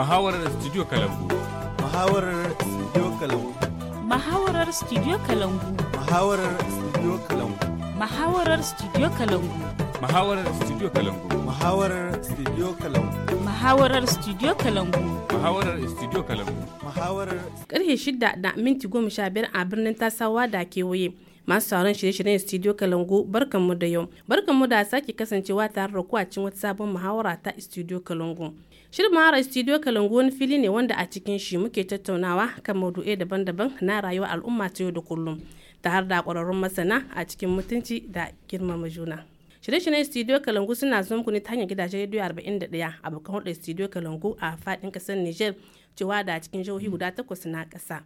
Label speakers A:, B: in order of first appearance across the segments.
A: mahawarar Studio Kalangu. mahawarar Studio Kalangu.
B: mahawarar Studio Kalangu.
A: mahawarar Studio Kalangu.
B: mahawarar Studio Kalangu.
A: mahawarar Studio Kalangu. mahawarar Studio Kalangu.
B: mahawarar Studio Kalangu.
C: mahawarar Studio Kalangu.
D: Mahawarar.
B: Karfe shida da minti goma sha biyar a birnin Tasawa da kewaye. masu sauran shirye-shiryen studio kalangu barkanmu da yau barkanmu da sake kasancewa tare da ku a cikin wata sabon muhawara ta studio kalangu Shirin Mahara Studio Kalangu wani fili ne wanda a cikin shi muke tattaunawa kan maudu'ai daban-daban na rayuwa al'umma ta yau da kullum ta har da ƙwararrun masana a cikin mutunci da girmama juna. Shirye-shiryen Studio Kalangu suna zuwa muku ne ta hanyar gidajen rediyo 41 abokan hudu Studio Kalangu a faɗin kasar Niger cewa da cikin jihohi guda takwas na kasa.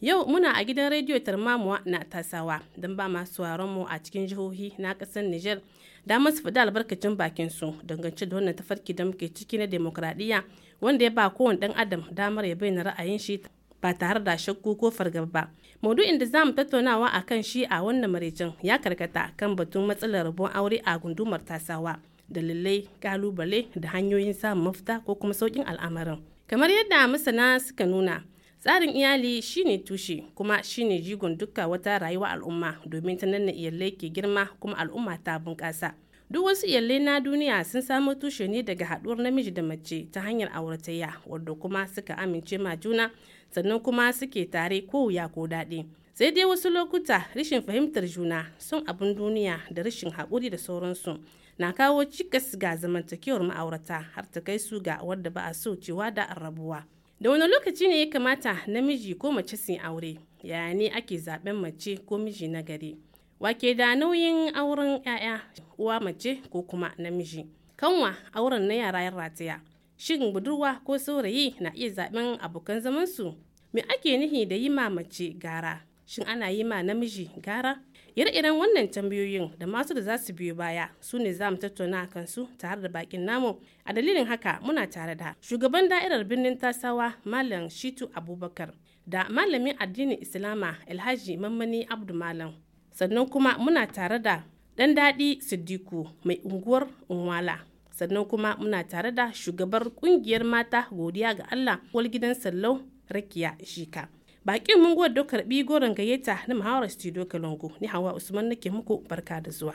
B: Yau muna a gidan rediyo Tarmamuwa na Tasawa don ba masu mu a cikin jihohi na kasar Niger damar su faɗi albarkacin bakin su dangance da wannan tafarki da muke ciki na demokradiyya wanda ya ba kowane dan adam damar ya bayyana ra'ayin shi ba tare da shakku ko fargaba ba. Maudu'in da zamu tattaunawa a kan shi a wannan maraicin ya karkata kan batun matsalar rabon aure a gundumar tasawa, dalilai, kalubale da hanyoyin samun mafita ko kuma saukin al'amarin. Kamar yadda masana suka nuna, tsarin iyali shine tushe kuma shine jigon dukka wata rayuwa al'umma domin ta nan iyalai ke girma kuma al'umma ta bunƙasa duk wasu iyalai na duniya sun samo tushe ne daga haɗuwar namiji da mace ta hanyar auratayya wadda kuma suka amince ma juna sannan kuma suke tare ko wuya ko daɗi sai dai wasu lokuta rashin fahimtar juna sun abin duniya da rashin haƙuri da sauransu na kawo cikas ga zamantakewar ma'aurata har ta kai su ga wadda ba a so cewa da rabuwa da wani lokaci ne ya kamata namiji ko mace su aure yaya ne ake zaben mace ko miji na gari wake da nauyin auren 'ya'ya uwa mace ko kuma namiji kanwa auren na yara rataya shin budurwa ko saurayi na iya zaben abokan zamansu me ake nihi da yi ma mace gara shin ana yi ma namiji gara ire-iren wannan tambayoyin da masu da za su biyo baya su ne za mu tattauna a kansu tare da bakin namu a dalilin haka muna tare da shugaban da'irar birnin tasawa malam shitu abubakar da malamin addinin islama alhaji mammani abdu malam sannan kuma muna tare da dan daɗi siddiku mai unguwar unwala sannan kuma muna tare da shugabar kungiyar mata godiya ga allah gidan sallau rakiya shika bakin mun gwada karbi goron gayyata na muhawarar studio kalongo ni hawa usman nake muku barka da zuwa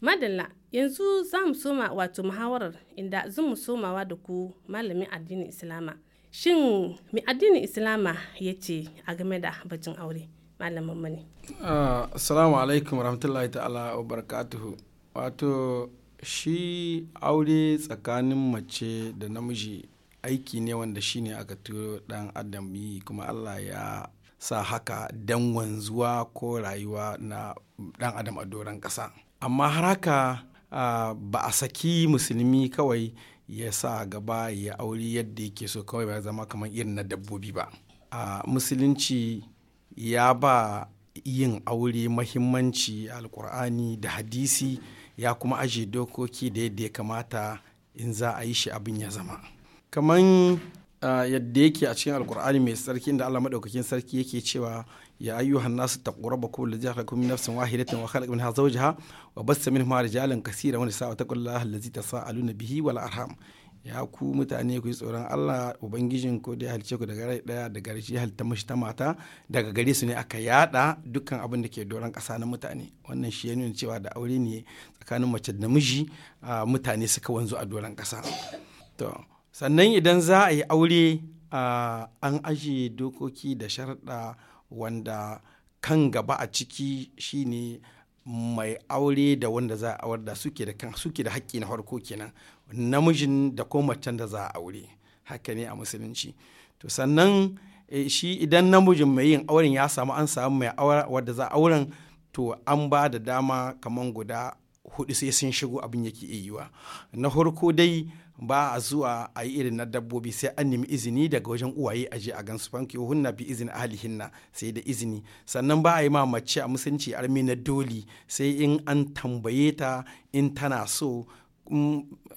B: madalla yanzu za mu soma wato muhawarar inda zan mu somawa da ku malamin addinin islama shin mai addinin islama ya ce a game da bajin aure malamin mu ne
E: ah, assalamu alaikum rahmatullahi ta'ala wa barakatuhu wato shi aure tsakanin mace da namiji aiki ne wanda shi ne aka turo dan adam yi kuma Allah ya sa haka dan wanzuwa ko rayuwa na dan adam a doron ƙasa amma har haka uh, ba a saki musulmi kawai ya sa gaba ya aure yadda yake so kawai ba zama kamar irin na dabbobi ba ah, musulunci ya ba yin aure mahimmanci alkur'ani da hadisi ya kuma aje dokoki da yadda ya kamata in za a yi shi abin ya zama kaman yadda yake a cikin alkur'ani mai sarki inda allah maɗaukakin sarki yake cewa ya ayyuhan nasu taqu rabbakum alladhi khalaqakum min nafsin wahidatin wa khalaqa minha zawjaha wa bassa minhuma rijalan kaseeran wa nisaa'a taqullaha allazi tasaaluna bihi wal arham ya ku mutane ku yi tsoron Allah ubangijin ko da halice ku daga rai daya daga rashi halitta mashi ta mata daga gare su ne aka yada dukkan abin da ke doron kasa na mutane wannan shi ya nuna cewa da aure ne tsakanin mace da namiji mutane suka wanzu a doron kasa to sannan idan za a yi aure an ajiye dokoki da sharaɗa wanda kan gaba a ciki shine mai aure da wanda za a awar da suke da suke da haƙƙi na farko kenan namijin da ko macen da za a aure haka ne a musulunci to sannan eh, shi idan namijin mai yin auren ya samu an samu mai wadda za auren to an ba da dama kamar guda hudu sai sun shigo abin yake yiwa na farko dai ba a zuwa a yi irin na dabbobi sai an nemi izini daga wajen uwaye a je a su fanki hunna bi izini ahlihinna sai da izini sannan ba a yi ma mace a musulunci armi na doli sai in an tambaye ta in tana so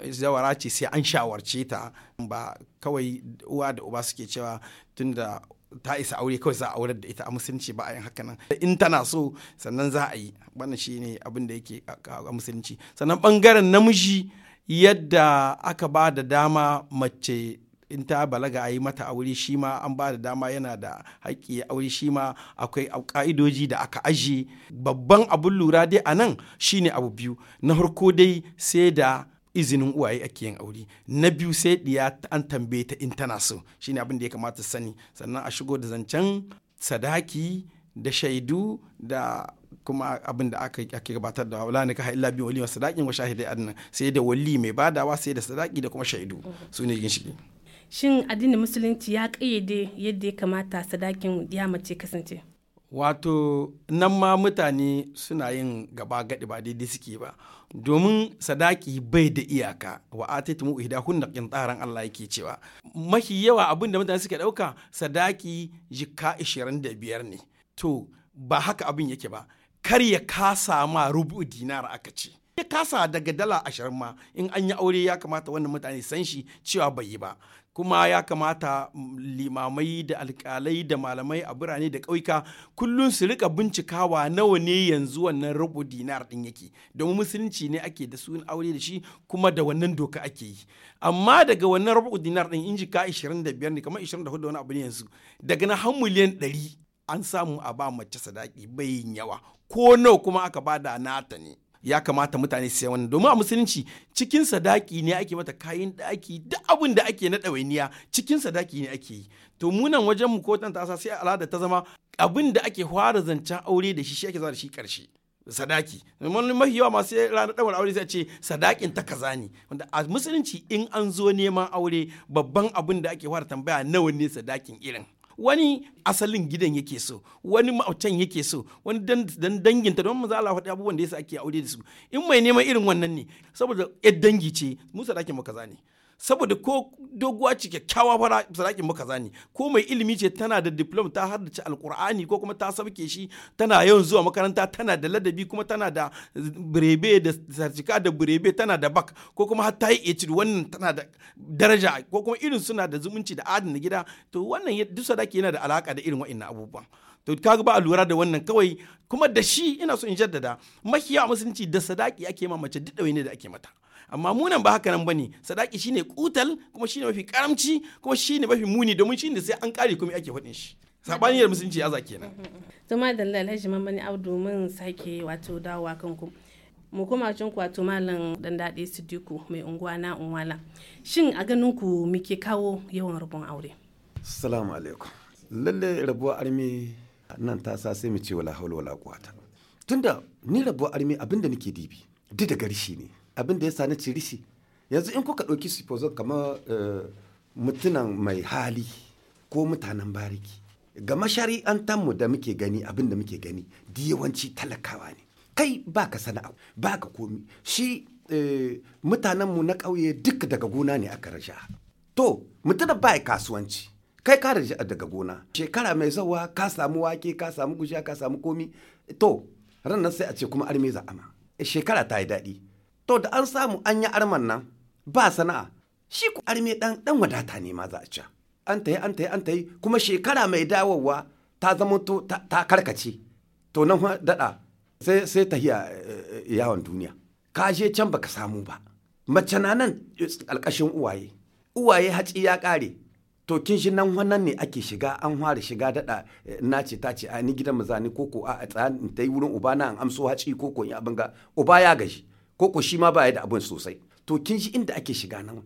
E: zawara ce sai an shawarce ta ba kawai uwa da uba suke cewa tunda ta isa aure kawai za a aurar da ita a musulunci ba a yin haka nan in tana so sannan za a yi wannan ne abin da yake a musulunci sannan bangaren namiji yadda aka ba da dama mace in ta balaga a yi mata aure shi ma an ba da dama yana da haƙƙi aure shi ma akwai ƙa'idoji da aka aji babban abun lura dai a nan shine abu biyu na harko dai sai da izinin uwaye ake yin aure na biyu sai diya an tambaye ta in tana so shine abin da ya kamata sani sannan a shigo da zancen sadaki da shaidu da kuma abin da aka ake gabatar da wala ne ka illa bi wali wa sadaqin wa shahidai adna sai da wali mai badawa sai da sadaki da kuma shaidu mm-hmm. su ne ginshiki
B: shin addinin musulunci ya ƙayyade yadda ya kamata sadakin ya mace kasance
E: wato nan ma mutane suna yin gaba gaɗi ba daidai suke ba domin sadaki bai da iyaka wa ataitu mu ihda hunna tsarin Allah yake cewa mafi yawa abin da mutane suke ɗauka sadaki da biyar ne to ba haka abin yake ba kar ya kasa ma rubu dinar aka ce ya kasa daga dala ashirin ma in an yi aure ya kamata wannan mutane san shi cewa bai yi ba kuma ya kamata limamai da alkalai da malamai a birane da ƙauyuka kullum su rika bincikawa nawa ne yanzu wannan rubu dinar din yake domin musulunci ne ake da sun aure da shi kuma da wannan doka ake yi amma daga wannan rubu dinar din in ka 25 ne kamar 24 da wani abu ne yanzu daga na har miliyan 100 an samu a ba mace sadaki bai yawa ko nawa kuma aka bada nata ne ya kamata mutane su wannan domin a musulunci cikin sadaki ne ake mata kayan daki duk abin da ake na ɗawainiya cikin sadaki ne ake yi to munan wajen mu kotan tasa sai al'ada ta zama abin da ake fara zancen aure da shi shi ake zuwa da shi karshe sadaki wani mafi yawa masu ranar ɗawar aure sai a ce sadakin ta kaza ne wanda a musulunci in an zo neman aure babban abin da ake fara tambaya nawa ne sadakin irin wani asalin gidan yake so wani ma'autan yake so wani dan danginta don maza Allah faɗi abubuwan da yasa ake aure da su in mai neman irin wannan ne saboda yar dangi ce musa da ake makaza ne saboda ko doguwa ce kyakkyawa fara sadakin mu ne ko mai ilimi ce tana da diplom ta haddace alkur'ani ko kuma ta sauke shi tana yawan zuwa makaranta tana da ladabi kuma tana da birebe da sarcika da birebe tana da bak ko kuma har ta yi ecid wannan tana da daraja ko kuma irin suna da zumunci da adana gida to wannan duk sadaki yana da alaka da irin wa'annan abubuwan to kaga ba a lura da wannan kawai kuma da shi ina so in jaddada makiya musulunci da sadaki ake ma mace duk ne da ake mata amma munan ba haka nan bane sadaki shine kutal kuma shine mafi karamci kuma shine mafi muni domin shine sai an kare kuma ake faɗin shi sabaniyar musulunci aza kenan
B: ma da alhaji Mamani abdu mun sake wato dawowa kanku mu kuma cin wato malam dan dadi sidiku mai unguwa na unwala shin a ganin ku muke kawo yawan rubun aure
C: assalamu alaikum lalle rabuwar armi nan ta sa sai mu ce wala hawla wala quwata tunda ni rabuwar armi abinda nake dibi duk da gari shi ne abin da ya ci cirishi yanzu in kuka ɗauki fozo kamar eh, mutunan mai hali ko mutanen bariki ga mu da muke gani abin da muke gani yawanci talakawa ne kai baka sana'a baka komi shi eh, mutanenmu na ƙauye duk daga gona ne aka rasha to mutunan ba kasuwanci kai ka rasha daga gona shekara mai zawa ka samu wake ka samu gushiya ka samu komi to ran sai a ce kuma armeza ama shekara ta yi daɗi to da an samu an yi arman nan ba sana'a shi ku arme dan dan wadata ne ma za a ci an tayi an an kuma shekara mai dawowa ta zama to ta karkace to nan dada sai sai hiya eh, yawon duniya ka je can baka samu ba mace na nan alkashin uwaye uwaye haci ya kare to kin shi nan wannan ne ake shiga an fara shiga dada eh, na ce ta ce a ni gidan maza ni koko a tsayan ta yi wurin uba na an amso haci koko in abin ga uba ya gashi ko ko shi ma ba ya da abin sosai to kin shi inda ake shiga nan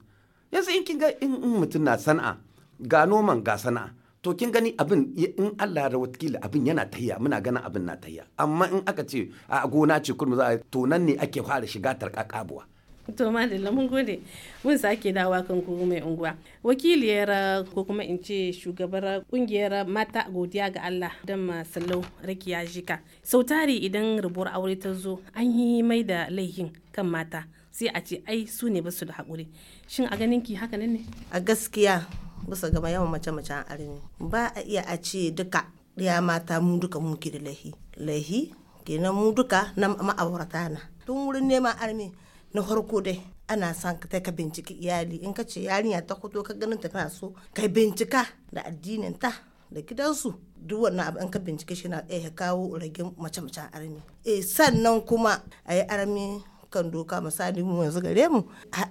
C: yanzu in kin ga in mutum na sana'a ga noman ga sana'a to kin gani abin in Allah da wakilin abin yana tayya muna ganin abin na tayya amma in aka ce a gona ce kurmi za a to nan ne ake fara shiga tarkakabuwa
B: to madalla mun gode mun sake dawa kan kuma mai unguwa wakiliyar ko kuma in ce shugabar kungiyar mata godiya ga Allah don masallau rakiya jika sau tari idan rubuwar aure ta zo an yi mai da laihin kan mata sai a ce ai su ne basu da haƙuri shin a ganin ki haka ne
D: a gaskiya bisa gama yawan mace-macen ne. ba a iya a ce duka ya mata mu duka muke da laihi laihi kenan mu duka na ma'aurata na tun wurin neman armi na farko dai ana son ka ka binciki iyali in ka ce yarinya ta hoto ka ganin ta kana so kai bincika da addinin ta da gidansu duk wannan abu in ka bincike shi na ɗaya kawo ragin mace-macen armi e sannan kuma a yi armi kan doka misali mu yanzu gare mu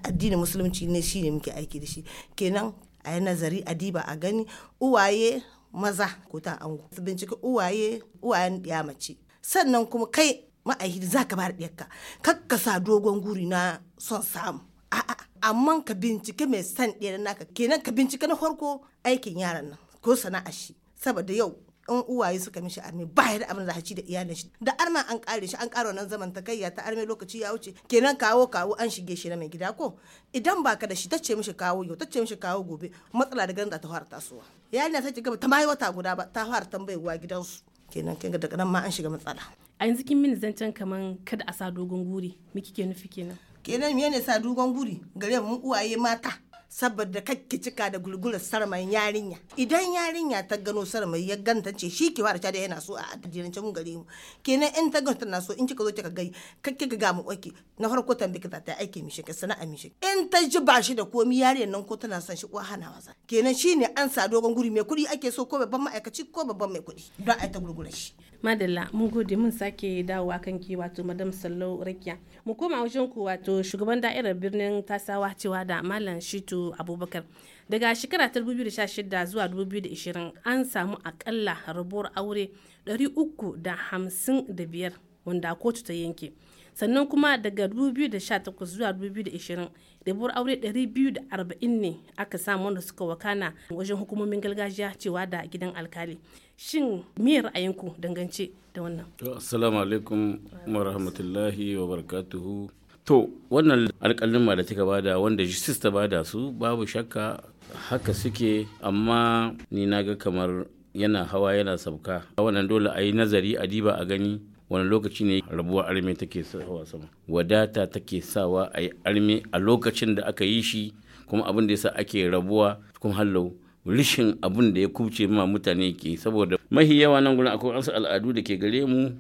D: addinin musulunci ne shine muke aiki da shi kenan a yi nazari adiba a gani uwaye maza ko ta ango su bincike uwaye uwayen ya mace sannan kuma kai ma'aikata za ka bada ɗiyarka kakka sa dogon guri na son samu a'a amma ka bincike mai san ɗiyar naka kenan ka bincike na farko aikin yaran nan ko sana'a shi saboda yau in uwaye suka mishi arme ba ya da abin da ci da iyalin shi da arma an kare shi an kare wannan zaman ta ta arme lokaci ya wuce kenan kawo kawo an shige shi na mai gida ko idan ba ka da shi tace mishi kawo yau tace mishi kawo gobe matsala da ganin ta fara tasowa yarinya ci gaba ta mai wata guda ba ta fara tambayewa gidansu kenan kin daga nan ma an shiga matsala a yanzu kin mini zancen kaman kada a sa dogon guri me kike nufi kenan kenan me ne sa dogon guri gare mu uwaye mata saboda kake cika da gulgula sarman yarinya idan yarinya ta gano sarmai ya ganta ce shi ki fara da yana so a addinin can gare mu kenan in ta ganta na so in kika zo kika gai kake ga mu oki na farko tambi ka ta aiki mi shi ka sana'a mi shi in ta ji ba shi da komi yarinyar nan ko tana son shi ko hana wasa kenan shine an sa dogon guri mai kuɗi ake so ko babban ma'aikaci ko babban mai kuɗi don a ta gulgula shi
B: madalla mun gode mun sake dawowa kan wato madam sallau rakiya mu koma wajen ku wato shugaban da'irar birnin tasawa cewa da malam shitu Abubakar. Daga shekara ta 2016 zuwa 2020 an samu akalla rabuwar aure 355 wanda kotu ta yanke. Sannan kuma daga 2018 zuwa 2020 rabuwar aure 240 ne aka samu wanda suka wakana wajen hukumomin gargajiya cewa da gidan alkali. Shin me ra'ayinku dangance da wannan?
A: Assalamu alaikum wa rahmatullahi wa barakatuhu. to wannan alƙalin da ta bada wanda justice ta bada su babu shakka haka suke amma ni na ga kamar yana hawa yana sauka wannan dole a yi nazari a diba a gani wani lokaci ne rabuwar arme take sawa sama wadata take sawa a yi arme a lokacin da aka yi shi kuma abin da yasa ake rabuwa kuma hallau rishin abin da ya kubce ma mutane ke saboda mahi yawa nan gurin akwai wasu al'adu da ke gare mu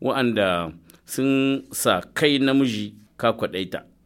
A: wa'anda sun sa kai namiji ka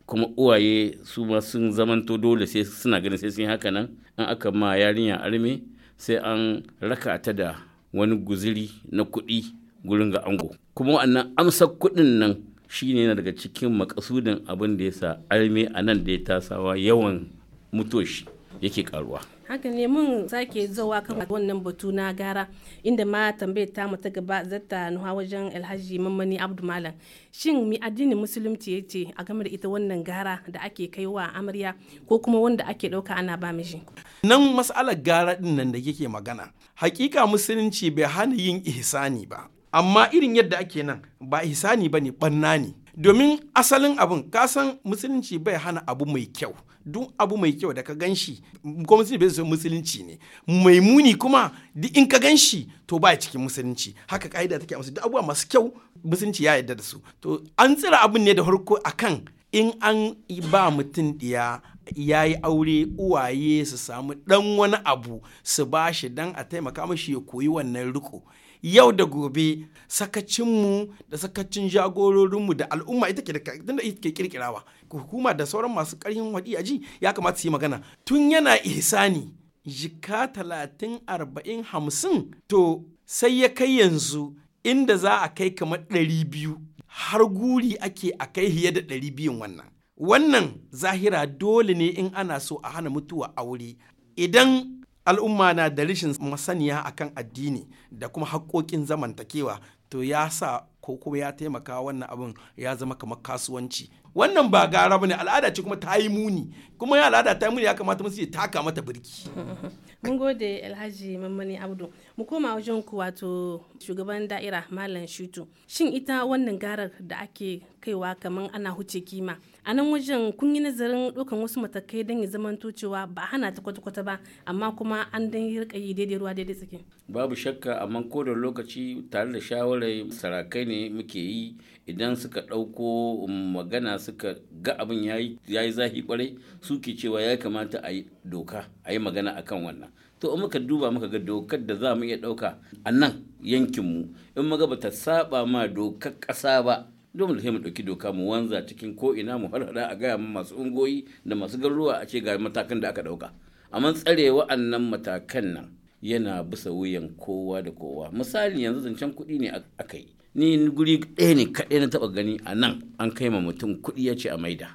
A: kuma uwaye su ma sun zamanto dole sai suna ganin sai sun haka nan an aka ma yarinya arme sai an raka ta da wani guziri na kuɗi gurin ga ango kuma wannan amsar kuɗin nan shine yana daga cikin makasudin abin da ya sa arme a nan da ya tasawa yawan mutoshi yake karuwa
B: haka ne mun sake zawa kan wannan batu na gara inda ma tambayar ta mu ta gaba zata nuha wajen alhaji mammani abdu malam shin mi addinin musulunci ya ce a game da ita wannan gara da ake kai wa amarya ko kuma wanda ake ɗauka ana ba mishi
E: nan mas'alar gara din nan da yake magana hakika musulunci bai hana yin ihsani ba amma irin yadda ake nan ba ihsani ba ne banna ne domin asalin abin kasan musulunci bai hana abu mai kyau duk abu mai kyau da ka gan shi gwamnati bai zai musulunci ne mai muni kuma duk in ka gan shi to ba cikin musulunci haka ka'ida take amsa duk abubuwa masu kyau musulunci ya yarda da su to an tsira abin ne da farko akan in an ba mutum diya ya yi aure uwaye su samu dan wani abu su ba shi dan a taimaka mashi ya koyi wannan riko yau da gobe sakacinmu da sakacin jagororinmu da al'umma ita ke da ita ke kirkirawa hukuma da sauran masu ƙarfin waɗi a ji ya kamata su yi magana tun yana ihsani jika talatin arba'in hamsin to sai ya kai yanzu inda za a kai kamar ɗari biyu har guri ake a kai fiye da ɗari biyun wannan wannan zahira dole ne in ana so a hana mutuwa aure idan al'umma na da rashin masaniya akan addini da kuma haƙoƙin zamantakewa to ya sa ko kuma ya taimaka wannan abin ya zama kamar kasuwanci wannan ba gara ne al'ada ce kuma ta yi muni kuma ya al'ada ta yi muni ya kamata masu ya taka mata birki
B: mun gode alhaji mamani abdu mu koma wajen ku wato shugaban da'ira malam shutu shin ita wannan garar da ake kaiwa kamar ana huce kima a nan wajen kun yi nazarin ɗaukan wasu matakai don ya zaman cewa ba hana ta kwata-kwata ba amma kuma an dan yi rikayi daidai ruwa daidai tsakin
A: babu shakka amma ko da lokaci tare da shawarar sarakai ne muke yi idan suka ɗauko um, magana suka ga abin ya yi zahi kwarai suke cewa ya kamata a yi doka a yi magana a kan wannan to in muka duba muka ga dokar da za mu iya ɗauka a nan yankinmu in maga ba ta saba ma dokar ƙasa ba domin sai mu ɗauki doka mu wanza cikin ko ina mu harhaɗa a gaya mu masu ungoyi da masu garuruwa a ce ga matakan da aka ɗauka amma tsare wa'annan matakan nan yana bisa wuyan kowa da kowa misali yanzu zancen kuɗi ne aka yi ni guri ɗaya ne kaɗai na taɓa gani a nan an kai ma mutum kuɗi ya ce a maida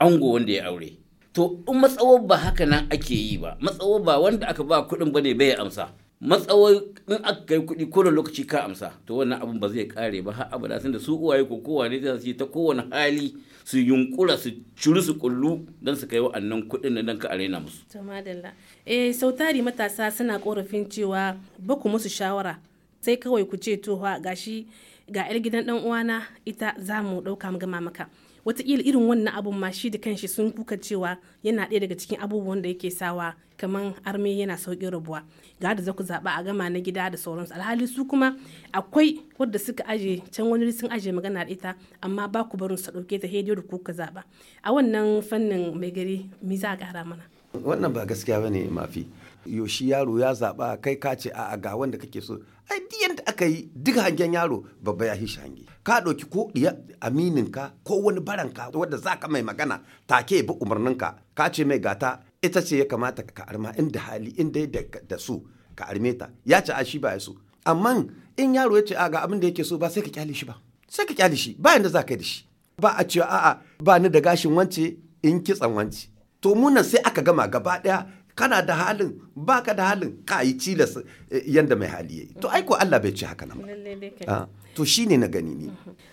A: ango wanda ya aure to in matsawar ba haka nan ake yi ba matsawar ba wanda aka ba kuɗin ba ne bai amsa matsawar in aka kai kuɗi ko lokaci ka amsa to wannan abin ba zai kare ba har abada tunda su uwaye ko kowa ne zai ta kowane hali su yunkura su ciru su kullu don su kai wa'annan kuɗin na don ka arena musu.
B: to madalla eh sautari matasa suna korafin cewa ba ku musu shawara sai kawai ku ce to gashi ga 'yar gidan dan uwana ita za mu ɗauka mu gama maka wataƙila irin wannan abun ma shi da kanshi sun kuka cewa yana ɗaya daga cikin abubuwan da yake sawa kamar arme yana sauƙin rabuwa ga da za ku zaɓa a gama na gida da sauransu alhali su kuma akwai wadda suka aje can wani sun aje magana da ita amma ba ku barin su ɗauke ta hediyar ku ka zaɓa a wannan fannin mai gari mi za a ƙara mana
C: wannan ba gaskiya ba ne mafi yoshi yaro ya zaba kai ka ce a'a ga wanda kake so ai duk yadda aka yi duk hangen yaro babba ya hishe hange ka ɗauki ko ɗiya amininka ko wani baranka wanda za ka mai magana take bi umarninka ka ce mai gata ita ce ya kamata ka arma inda hali inda da su ka arme ta ya ce a shi ba ya so amma in yaro ya ce a ga abin da yake so ba sai ka kyale shi ba sai ka kyale shi ba yanda za ka yi da shi ba a ce a'a ba ni da gashin wance in kitsan wance to munan sai aka gama gaba daya kana da halin baka da halin ka yi cilas eh, yanda mai hali yayi to aiko Allah bai ci haka nan
B: ba ah,
C: to shine na gani ne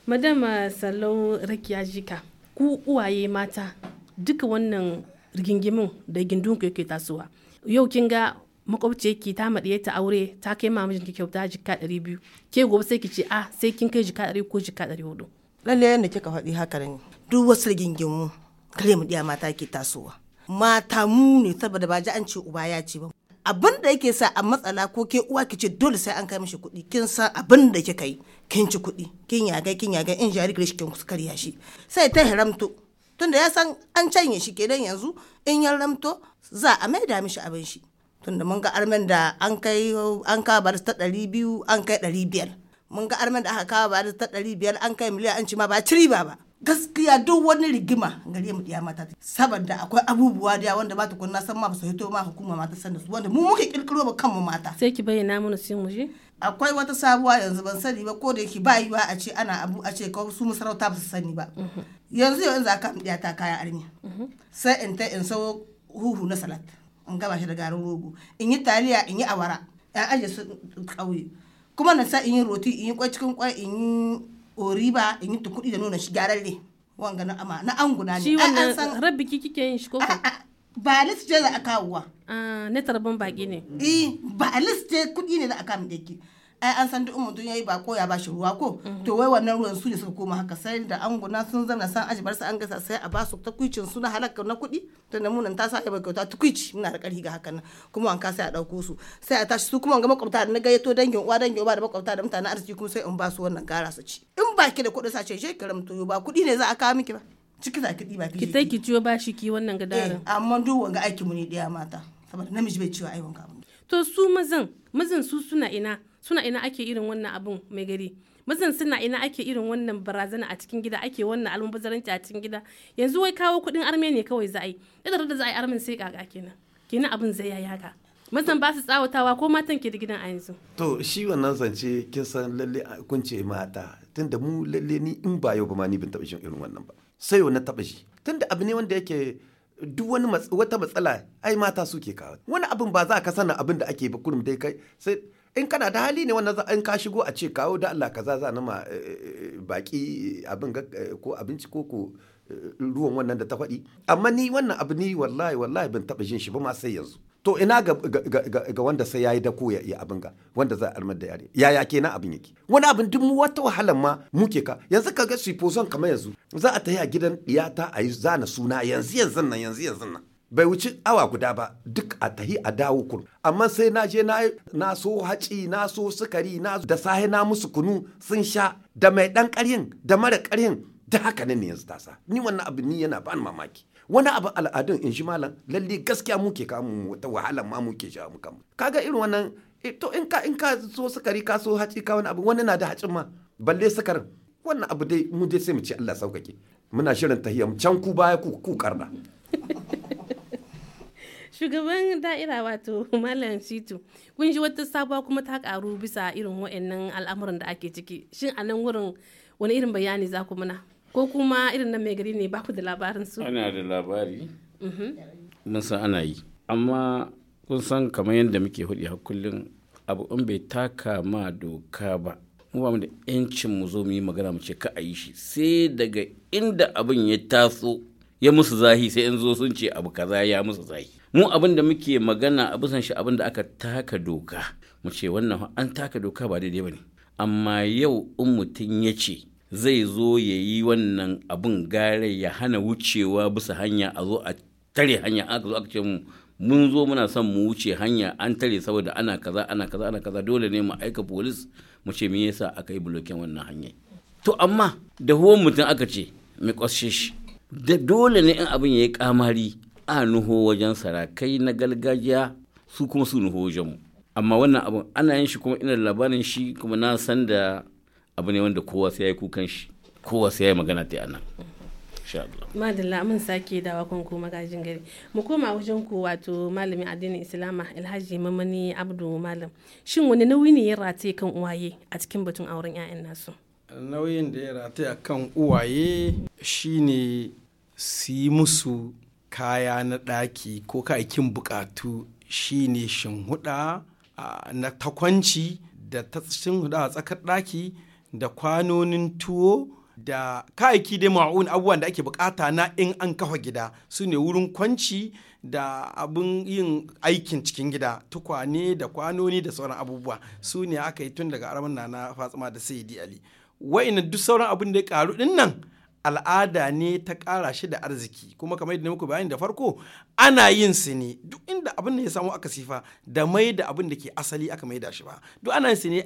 B: madama ah, salon rakiya jika ku uwaye mata duka wannan rigingimin da gindun ku yake tasowa yau kin ga makwabci ki ta maɗiye ta aure ta kai mamajin ki kyauta jika 200 biyu
D: ke gobe sai ki ce a ah, sai kin kai jika 100 ko jika 400 lalle yadda kika faɗi haka ne duk wasu rigingimu kare mu mata ke tasowa mata mu ne saboda ba ji an ce uba ya ce ba abin da yake sa a matsala ko ke uwa ki ce dole sai an kai mishi kuɗi kin san abin da kika yi kin ci kuɗi kin ya ga kin ya ga in jari gare shi kin karya shi sai ta haramto tunda ya san an canye shi kenan yanzu in ya ramto za a maida mishi abin shi tunda mun ga armen da an kai an kawo baris ta ɗari biyu an kai ɗari biyar mun ga armen da aka kawo baris ta ɗari biyar an kai miliyan an ci ma ba ci riba ba gaskiya duk wani rigima gare mu diya mata saboda akwai abubuwa da wanda ba tukunna san ma ba su hito ma hukuma mata san da su wanda mu muke kirkiro ba kanmu mata sai ki bayyana mana sai mu ji akwai wata sabuwa yanzu ban sani ba ko da yake ba yiwa a ce ana abu a ce su masarauta ba su sani ba mhm. yanzu yau aka mu diya ta kayan arni mhm. sai in ta in sawo huhu na salat in gaba shi da garin rogo in yi taliya in yi awara 'yan aje su ƙauye kuma na sa in yi roti in yi kwai cikin kwai in yi oriba in yi tukudi da nuna shi gyararre wanga na ama na anguna ne shi wannan rabbi kiki ke yin shi ko ba list ce za a wa
B: ah, ne tarban baki ne
D: eh ba list ce kudi ne za a kawo mu dake ai an san duk mutum yayi ba ko ya bashi ruwa ko mhm. to wai wannan ruwan su ne suka koma haka sai da anguna sun zama san ajibar su an gasa sai a basu ta su na halakka na kuɗi to da munan ta sa ai bai kyauta tukwici muna da ƙarfi ga hakan kuma an kasa a dauko su sai a tashi su kuma ga makwabta da na gayyato dangin uwa dangin uba da makwabta da mutanen arziki kuma sai in ba su wannan gara su ci in ba ki da kuɗi ce je ki ramto ba kuɗi ne za a kawo miki ba ciki za ki ɗiba ki ki ki ciwo ba shi ki wannan gadara eh, amma duk wanga aiki mu ne ɗaya mata saboda namiji bai ciwo ai wanga
B: to su mazan mazan su suna ina suna ina ake irin wannan abun mai gari mazan suna ina ake irin wannan barazana a cikin gida ake wannan almubazaranci a cikin gida yanzu wai kawo kuɗin arme ne kawai za a yi da da za a yi armen sai kaka kenan kenan abin zai yaya ka mazan ba su tsawatawa ko matan ke da gidan a yanzu.
C: to shi wannan zance kin san lalle kun ce mata tunda mu lalle ni in ba yau ba ma ni bin taɓa shi irin wannan ba sai yau na taɓa shi tunda abu ne wanda yake duk wani wata matsala ai mata suke kawo wani abin ba za ka sani abin da ake ba kurum dai kai sai in kana da hali ne wannan in ka shigo a ce kawo da Allah kaza za na ma eh, eh, baki eh, abin ko abinci ko ko ruwan wannan da ta faɗi amma ni wannan abu ni wallahi wallahi ban taɓa jin shi ba ma sai yanzu to ina ga, ga, wanda sai yayi dako ya, ya abin ga wanda za a almar da yare ya kenan abin yake wani abin duk wata wahalar ma muke ka yanzu ka ga sifozon kamar yanzu za a tafi a gidan iyata a yi zana suna yanzu yanzu nan yanzu yanzu nan bai wuci awa guda ba duk a tahi a dawo kun. amma sai na je na so haci na so sukari na da sahi na musu kunu sun sha da mai dan karyin da mara karyin da haka ne yanzu tasa ni wannan abu ni yana ban mamaki wani abu al'adun in ji malam lalle gaskiya kawo mu wata wahala ma ke sha mu kamu kaga irin wannan e, to in ka in ka so sukari ka so haci ka wani abu wani na da hacin ma balle sukarin wannan abu dai mu dai sai mu ce Allah sauƙaƙe muna shirin tahiyyam can ku baya ku ku karna
B: shugaban da'ira wato malam shitu kun ji wata sabuwa kuma ta karu bisa irin wa'annan al'amuran da ake ciki shin a nan wurin wani irin bayani za ku muna ko kuma irin nan mai gari ne ba ku da labarin su ana da
A: labari
B: mun mm-hmm.
A: san ana yi amma kun san kamar yadda muke hudu a kullum abu in bai taka ma doka ba mu ba mu da yancin mu zo mu yi magana mu ce ka a yi shi sai daga inda abin ya taso ya musu zahi sai in zo sun ce abu kaza ya musu zahi mu abin da muke magana a bisan shi abin da aka taka doka mu ce wannan an taka doka ba daidai ba ne amma yau in mutum ya ce zai zo ya yi wannan abin gare ya hana wucewa bisa hanya a zo a tare hanya aka zo aka ce mu mun zo muna son mu wuce hanya an tare saboda ana kaza ana kaza ana kaza dole ne mu aika polis mu ce me yasa aka yi bulokin wannan hanya to amma da huwan mutum aka ce mai kwashe shi da dole ne in abin ya yi kamari a nuho wajen sarakai na gargajiya su kuma su nuho wajen mu amma wannan abu ana yin shi kuma ina labarin shi kuma na san da abu ne wanda kowa sai ya yi kukan shi kowa sai ya yi magana ta yana
B: madalla mun sake dawa kun kuma gajin gari mu koma wajen ku wato malamin addinin islama alhaji mamani abdu malam shin wani nauyi ne ya rataye kan uwaye a cikin batun auren 'ya'yan nasu
E: nauyin da ya a kan uwaye shine su yi musu kaya na ɗaki ko kayakin buƙatu shine shinhuɗa na takwanci da ta shinhuɗa a tsakar ɗaki da kwanonin tuwo da kayaki dai ma'un abubuwan da ake bukata na in an kafa gida su ne wurin kwanci da abin yin aikin cikin gida tukwane da kwanoni da sauran abubuwa su ne aka yi tun daga aramin na fatsima da sayyidi ali na duk sauran abin da ya karu din nan al'ada ne ta ƙara shi da arziki kuma kamar yadda muku bayani da farko ana yin su ne duk inda abin da ya samu aka sifa da mai da abin da ke asali aka mai da shi ba duk ana yin su ne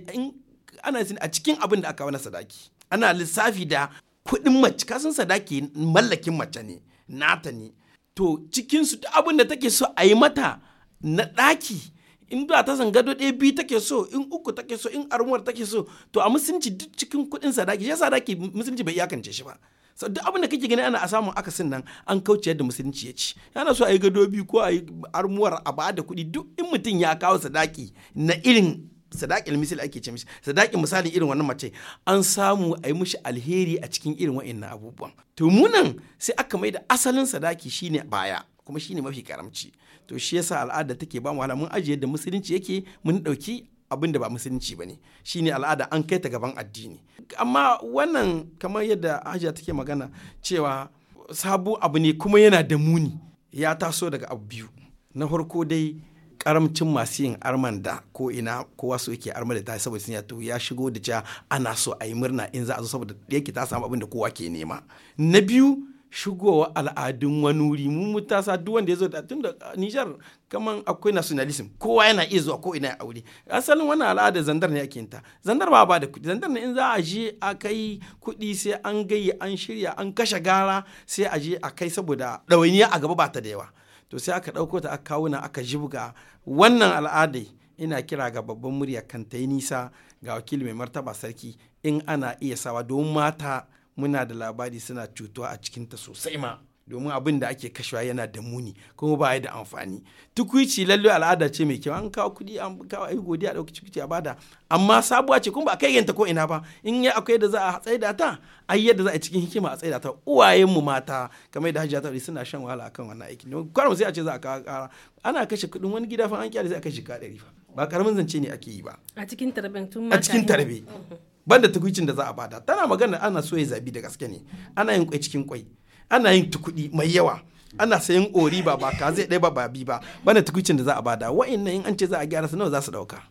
E: ana yin su ne a cikin abin da aka wani sadaki ana lissafi da kuɗin mace kasan sadaki mallakin mace ne nata ne to cikin su duk abin da take so a yi mata na ɗaki in ba ta zanga do ɗaya biyu take so in uku take so in armuwar take so to a musulunci duk cikin kuɗin sadaki shi sadaki musulunci bai iyakance shi ba so duk abin kake gani ana a samun akasin nan an kauce yadda musulunci ya ci yana so a yi gado biyu ko a yi armuwar a ba da kuɗi duk in mutum ya kawo sadaki na irin sadakin misali ake ce mishi sadakin misali irin wannan mace an samu a yi mishi alheri a cikin irin wa'annan abubuwan to munan sai aka mai da asalin sadaki shine baya kuma shine mafi karamci to shi yasa al'ada take ba mu mun ajiye da musulunci yake mun dauki abin da ba musulunci ba ne shi ne hmm. al'ada an kai ta gaban addini amma wannan kamar yadda hajiya take magana cewa sabu abu ne kuma yana da muni ya taso daga abu biyu na farko dai karamcin masu yin arman da ko ina kowa so yake arman da ta saboda sun yato ya shigo da ja ana so a yi murna in za a zo saboda yake ta samu abin da kowa ke nema na biyu shigowa al'adun wani wuri mu mutasa duk wanda ya zo da tun da Nijar kaman akwai nationalism kowa yana iya zuwa ko ina ya aure asalin wannan al'ada zandar ne ake ta zandar ba ba da kuɗi zandar ne in za a je a kai kuɗi sai an gayi an shirya an kashe gara sai a je a kai saboda ɗawainiya a gaba bata da yawa to sai aka ɗauko ta aka kawo na aka jibga wannan al'adai ina kira ga babban murya kan ta yi nisa ga wakili mai martaba sarki in ana iya sawa don mata muna da labari suna cutuwa a cikinta sosai ma domin abin da ake kashewa yana da muni kuma ba da amfani tukuici lallai al'ada ce mai kyau an kawo kuɗi an kawo ayi godiya ɗauki a bada amma sabuwa ce kuma ba kai yanta ko ina ba in ya akwai yadda za a tsaida ta ai yadda za a cikin hikima a tsaida ta uwayen mu mata kamar da hajjata tauri suna shan wahala akan wannan aikin don kwaram sai a ce za a kawo ƙara ana kashe kuɗin wani gida fa an kyale sai a kashe ka ɗari fa ba karamin zance ne ake yi ba
B: a cikin tarbe a cikin tarbe mm-hmm.
E: banda tukucin da za a bada tana magana ana so ya zabi da gaske ne ana yin kwai cikin kwai ana yin tukudi mai yawa ana sayan ori ba ba ka zai ba ba bi ba banda tukucin da za a bada wa'annan in an ce za a gyara su nawa za su dauka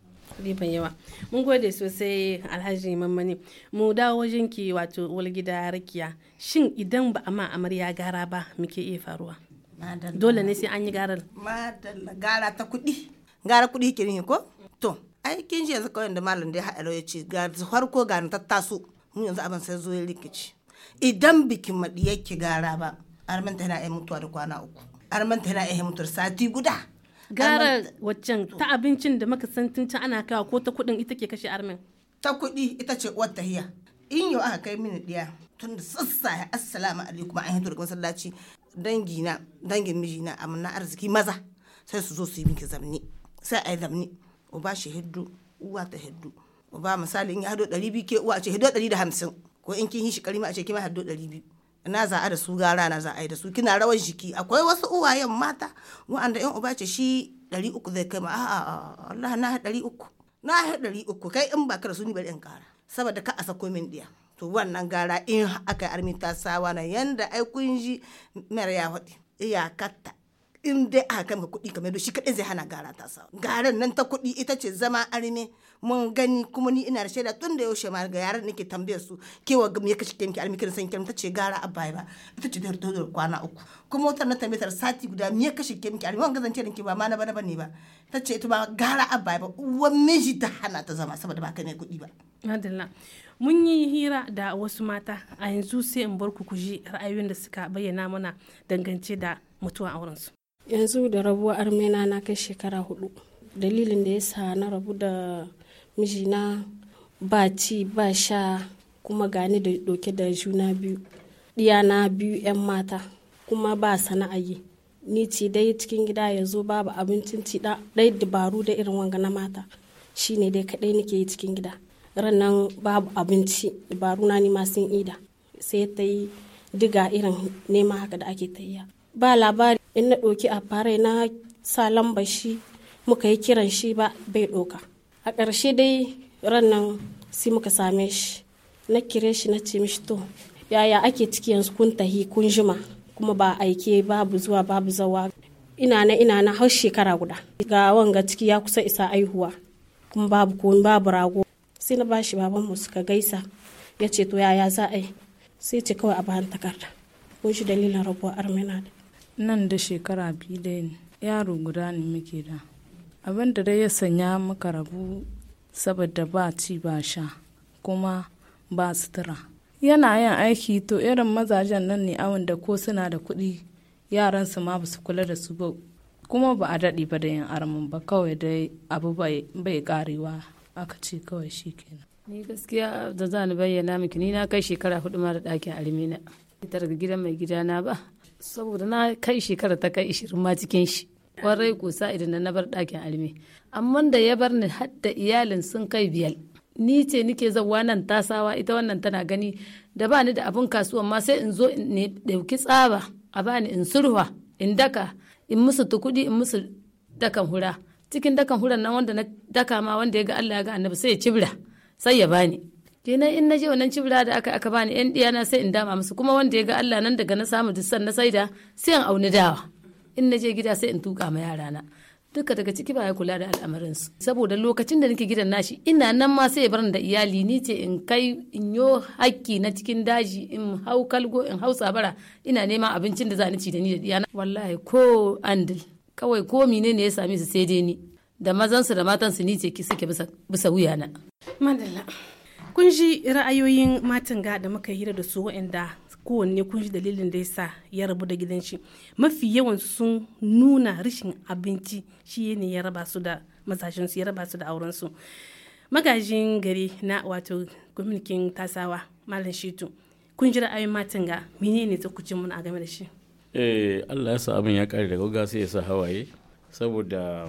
B: yawa mun gode sosai alhaji mammani mu dawo wajen ki wato walgida rakiya shin idan ba a ma amarya gara ba muke iya faruwa dole ne sai an yi garar
D: madalla gara ta kuɗi gara kuɗi kirin ko to kin shi yanzu kawai da malam da ya haɗa ya ce ga farko ga na tattaso mu yanzu abin sai zo ya rikici idan bikin maɗi yake gara ba arman tana iya mutuwa da kwana uku arman tana iya mutuwar sati guda
F: gara
B: waccan ta abincin da maka san tun ana kawo ko ta kuɗin ita ke kashe armin
D: ta kuɗi ita ce uwar tahiya in yau aka kai mini ɗiya tun da sassaye assalamu alaikum an hito daga masallaci dangina dangin mijina amma na arziki maza sai su zo su yi miki zamni sai a yi zamni ba shi hiddu uwa ta hiddu ba misali in ya hado biyu ke uwa a ce da hamsin ko in kin yi shi karima a ce kima ɗari biyu na za a da su gara na za a yi da su kina rawar jiki akwai wasu uwayen mata wa'anda yan uba ce shi ɗari uku zai kai ma a'a Allah na uku na uku kai in ba ka da su ni bari in kara saboda ka a sako min diya to wannan gara in aka yi armin tasawa na yanda ai kun ji mara ya faɗi iyakar in dai aka kai maka kuɗi kamar yadda shi kaɗai zai hana gara ta sa garan nan ta kuɗi ita ce zama arme mun gani kuma ni ina da shaida tun da yaushe ma ga yaran nake tambayar su kewa gami shike miki kemki san kemki ce gara a baya ba ita ce dar ta kwana uku kuma wata na tambayar sati guda me ya kashe kemki almikin wanga zance nake ba ma na bana bane ba ita ce ita ba gara a baya ba uwan miji ta hana ta zama saboda ba kai mai kuɗi ba. Madalla.
B: mun yi hira da wasu mata a yanzu sai in bar ku ji ra'ayoyin da suka bayyana mana dangance da mutuwa aurensu. yanzu da rabuwa armena na kai shekara hudu dalilin da ya sa na rabu da mijina ba ci ba sha kuma gani da doke da juna biyu diyana biyu 'yan mata kuma ba sana'a yi ni ci dai cikin gida ya zo babu abincin ci dai dabaru da irin wanga na mata shi ne dai kaɗai nake yi cikin gida rannan babu abinci dabaru na nima sun ida sai ta yi diga irin nema haka da ake tayya ba labari in na ɗauki a fara na sa lamba shi muka yi kiran shi ba bai ɗoka a ƙarshe dai ran nan sai muka same shi na kire shi na ce mishi to yaya ake ciki yanzu kun tahi kun jima kuma ba aike babu zuwa babu zawa ina na ina na har shekara guda ga wanga ciki ya kusa isa aihuwa kuma babu kun babu rago sai na bashi baban mu suka gaisa ya ce to yaya za a yi sai ce kawai a bayan takarda kun shi dalilin rabuwa armina nan da shekara biyu da
F: yaro guda ne muke da
B: abin da dai ya sanya muka rabu saboda ba ci ba sha kuma ba sutura yana yin aiki to irin mazajen nan ne awon da ko
F: suna da kuɗi yaran su ma ba su kula da su ba kuma ba a daɗe ba da yin armin ba kawai dai abu bai karewa aka ce kawai shi kenan ni gaskiya da za ni bayyana miki ni na kai shekara hudu ma da ɗakin armina ita daga gidan mai gidana ba saboda na kai shekara ta kai ishirin ma cikin shi kwarai kusa idan na bar ɗakin almi amma da ya bar ni har da iyalin sun kai biyar ni ce nike zauwa nan tasawa ita wannan tana gani da ba ni da abin kasuwan ma sai in zo in ɗauki tsaba a bani in surwa in daka in musu tukudi in musu dakan hura cikin dakan hura nan wanda na daka ma wanda ya ga Allah ya ga annabi sai ya cibra sai ya bani kenan in na je wannan cibira da aka aka bani yan diyana sai in dama musu kuma wanda ya ga Allah nan daga na samu dusan na saida sai in auni dawa in na je gida sai in tuka ma yara na duka daga ciki baya kula da al'amarin su saboda lokacin da nake gidan nashi ina nan ma sai barin da iyali ni ce in kai in yo hakki na cikin daji in hau kalgo in hau sabara ina neman abincin da za ni ci da ni da diyana wallahi ko andil kawai ko ne ya same su sai dai ni da mazansu da matansu ni ce ki suke bisa na.
B: madalla kun ji ra'ayoyin matan da muka hira da su wa'anda kowanne kun ji dalilin da ya sa ya rabu da gidan mafi yawan sun nuna rashin abinci shi ne ya raba su da masashen su ya raba su da auren su magajin gari na wato gwamnikin tasawa malam Shetu kun ji ra'ayoyin matan ga menene tsakucin mun a game da shi
A: eh Allah ya sa abin ya kare daga gaga ya sa hawaye saboda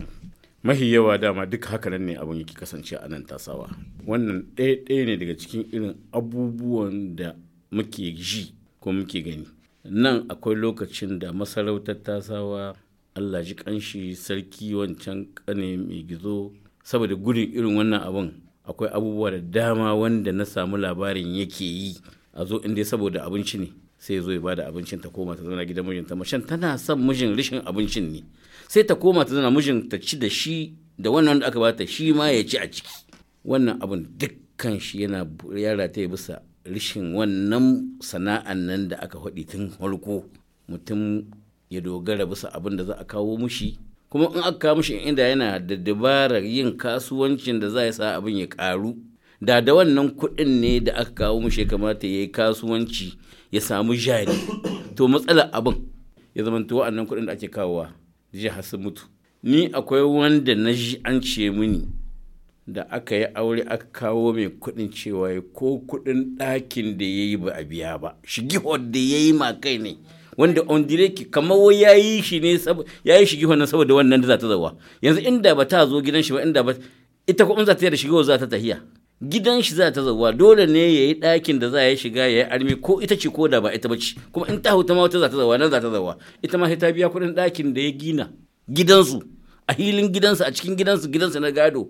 A: mahi yawa dama duk hakanan ne abin yake kasance a nan tasawa wannan ɗaya ɗaya ne daga cikin irin abubuwan da muke ji ko muke gani nan akwai lokacin da masarautar tasawa allah ji kanshi sarki wancan kane mai gizo saboda gudun irin wannan abin akwai abubuwa da dama wanda na samu labarin yake yi a zo inda saboda abinci ne sai zo ya bada abincin ta koma ta zauna gidan mijinta mashan tana son mijin rashin abincin ne sai ta koma ta zana mijin ta ci da shi da wannan da aka bata shi ma ya ci a ciki wannan abin dukkan shi yana yara ta bisa rishin wannan sana'an nan da aka haɗi tun harko mutum ya dogara bisa abin da za a kawo mushi kuma in aka kawo mushi inda yana da dabarar yin kasuwancin da za ya sa abin ya karu da da wannan kuɗin ne da aka kawo mushi kamata ya yi kasuwanci ya samu jari to matsala abin ya zamanto wa'annan kuɗin da ake kawowa jiha su mutu ni akwai wanda na ji an ce mini da aka yi aure aka kawo mai kudin cewa ko kudin ɗakin da ya yi ba a biya ba shigi da ya yi ma kai ne wanda on direki kamar wai ya yi shi ne ya yi shigi wannan saboda wannan da za ta zawa yanzu inda ba ta zo gidan shi ba inda ba ita ko in za ta yi da shigihon za ta tahiya gidan shi za ta zauwa dole ne ya yi ɗakin da za ya shiga ya yi armi ko ita ce ko da ba ita ba kuma in ta hauta ma wata za ta zauwa nan za ta zauwa ita ma sai ta biya kuɗin ɗakin da ya gina gidansu a hilin gidansu a cikin gidansu gidansu na gado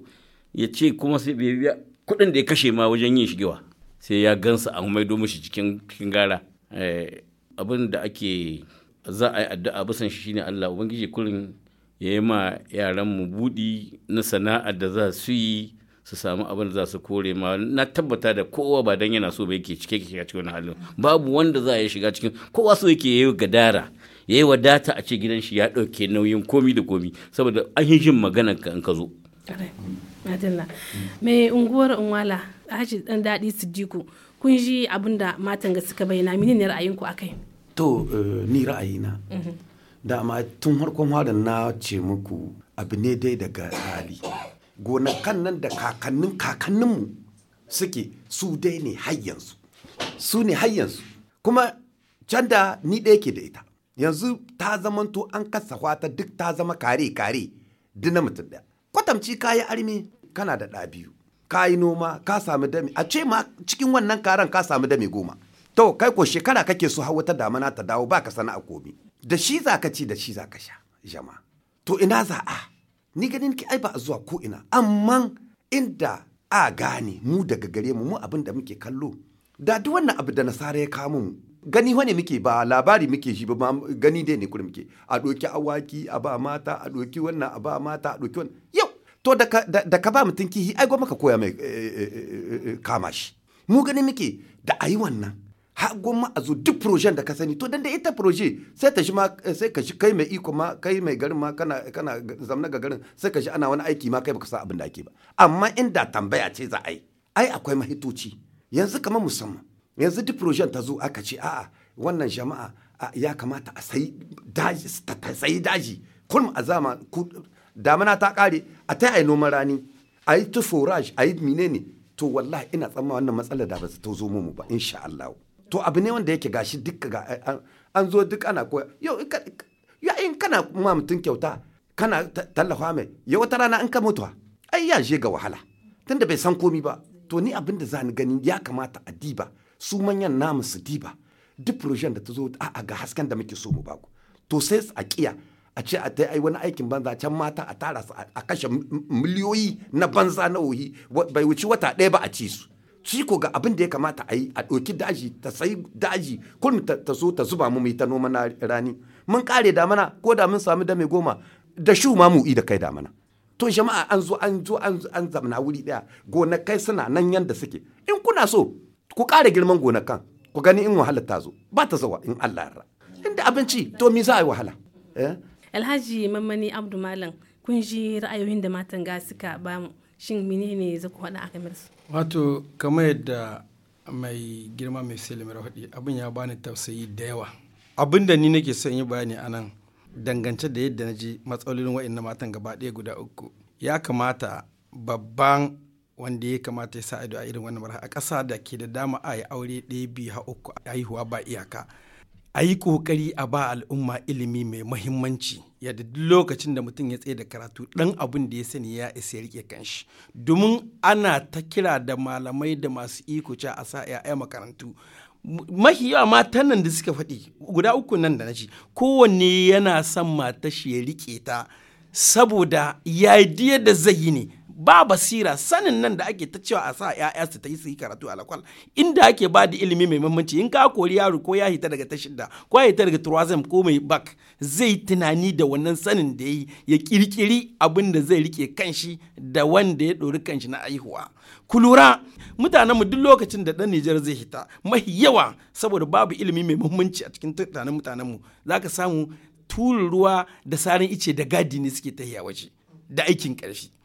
A: ya ce kuma sai bai biya kuɗin da ya kashe ma wajen yin shigewa sai ya gansa a maido mishi cikin cikin gara eh, abin da ake za a yi addu'a bisan shi ne Allah ubangiji kullum ya yi ma yaran mu buɗi na sana'a da za su yi su samu abin da za su kore ma na tabbata da kowa ba dan yana so ba yake cike ke cikin wani halin babu wanda za ya shiga cikin kowa so yake yayi gadara yayi wadata a ce gidan shi ya dauke nauyin komi da komi saboda an yi jin maganar ka in ka zo
B: mai unguwar unwala haji dan daɗi siddiku kun ji abin da matan ga suka bayyana mini ne ra'ayinku akai
C: to eh, ni ra'ayina mhm. dama tun harkon hadan na ce muku abu ne dai daga hali gonakan nan da kakannin kakanninmu suke su dai ne hayyansu su ne hayyansu kuma can da ni ɗaya ke da ita yanzu ta zamanto an kasafa ta duk ta zama kare kare na mutum ɗaya kwatamci kayi armi kana da ɗa biyu ka yi noma ka sami dami a ce ma cikin wannan karan ka sami dami goma to kai ko shekara kake so hawa ta damana ta dawo baka sana'a komi da shi za ka ci da shi za ka sha jama to ina za a ni ganin ki ai ba a zuwa ko ina amma inda a gane mu daga gare mu mu abin da muke kallo da duk wannan abu da nasara ya kawo mu gani wane muke ba labari muke shi ba gani dai ne kuma muke a doki awaki a ba mata a doki wannan a ba mata a doki wannan yau to da ka ba mutum kihi ai gwamma ka koya mai eh, eh, eh, kama shi mu gani muke da ayi wannan har goma a zo duk projen da ka sani to dan da ita proje sai ta shi ma sai ka shi kai mai iko ma kai mai garin ma kana kana zamna ga garin sai ka shi ana wani aiki ma kai baka sa abin da ake ba amma inda tambaya ce za a yi ai akwai mahitoci yanzu kamar musamman yanzu duk projen ta zo aka ce a'a wannan jama'a ya kamata a sayi daji ta sayi daji kullum a zama damana ta kare a ta yi noman rani a yi tu forage a yi menene to wallahi ina tsamma wannan matsalar da ba ta zo mu ba insha Allah to abu ne wanda yake gashi duk ga eh, an zo duk ana koya yau in kana ma mutum kyauta kana tallafa mai ya wata rana an ka mutuwa ai ya je ga wahala tunda bai san komi ba to ni abin da zani gani ya kamata a diba su manyan namu su diba duk projen da ta zo a ga hasken da muke so mu baku to sai a kiya a ce a tai wani aikin banza can mata a tara su a kashe miliyoyi na banza na ohi bai wuci wata ɗaya ba a ci su shi ko ga abin da ya kamata a yi a ɗauki daji ta sai daji kun ta zo ta zuba mu mai ta noma na rani mun kare mana ko da mun samu dame goma da shu ma mu da kai mana to jama'a an zo an zo an zamana wuri daya gonakai suna nan yanda suke in kuna so ku kare girman gonakan ku gani in wahala ta zo ba ta zawa in Allah ya inda abinci to mi za a yi wahala eh?
B: Alhaji Mammani Abdu Malam kun ji ra'ayoyin da matan ga suka bamu shin menene za ku faɗa a
E: wato kamar yadda mai girma mai selimar haɗi abin ya bani tausayi da yawa abin da ni nake son yi bayani a nan dangance da yadda na ji matsalolin wa'in matan gaba ɗaya guda uku ya kamata babban wanda ya kamata ya sa ido a irin wannan mara a ƙasa da ke da dama a yi aure ɗaya biyu ha uku a haihuwa ba iyaka a yi ƙoƙari a ba al'umma ilimi mai mahimmanci yadda duk lokacin da mutum ya tsaye da karatu ɗan abin da ya sani ya isa ya kan shi domin ana ta kira da malamai da masu iko a sa 'ya'ya makarantu mafi yawa matan nan da suka faɗi guda uku nan da na ci kowanne yana son mata shi ya riƙe ta saboda ya da zai yi ne ba basira sanin nan da ake ta cewa a sa ya'ya su ta yi su yi karatu a lakwal inda ake ba da ilimi mai muhimmanci in ka kori yaro ko ya hita daga ta shidda ko ya hita daga turazem ko mai bak zai tunani da wannan sanin da yi ya kirkiri abin da zai rike kanshi da wanda ya ɗori kanshi na aihuwa ku lura mutanenmu duk lokacin da ɗan Nijar zai hita mahi yawa saboda babu ilimi mai muhimmanci a cikin tattalin mutanenmu za ka samu tururuwa da sarin ice da gadi ne suke tahiya waje da aikin ƙarfi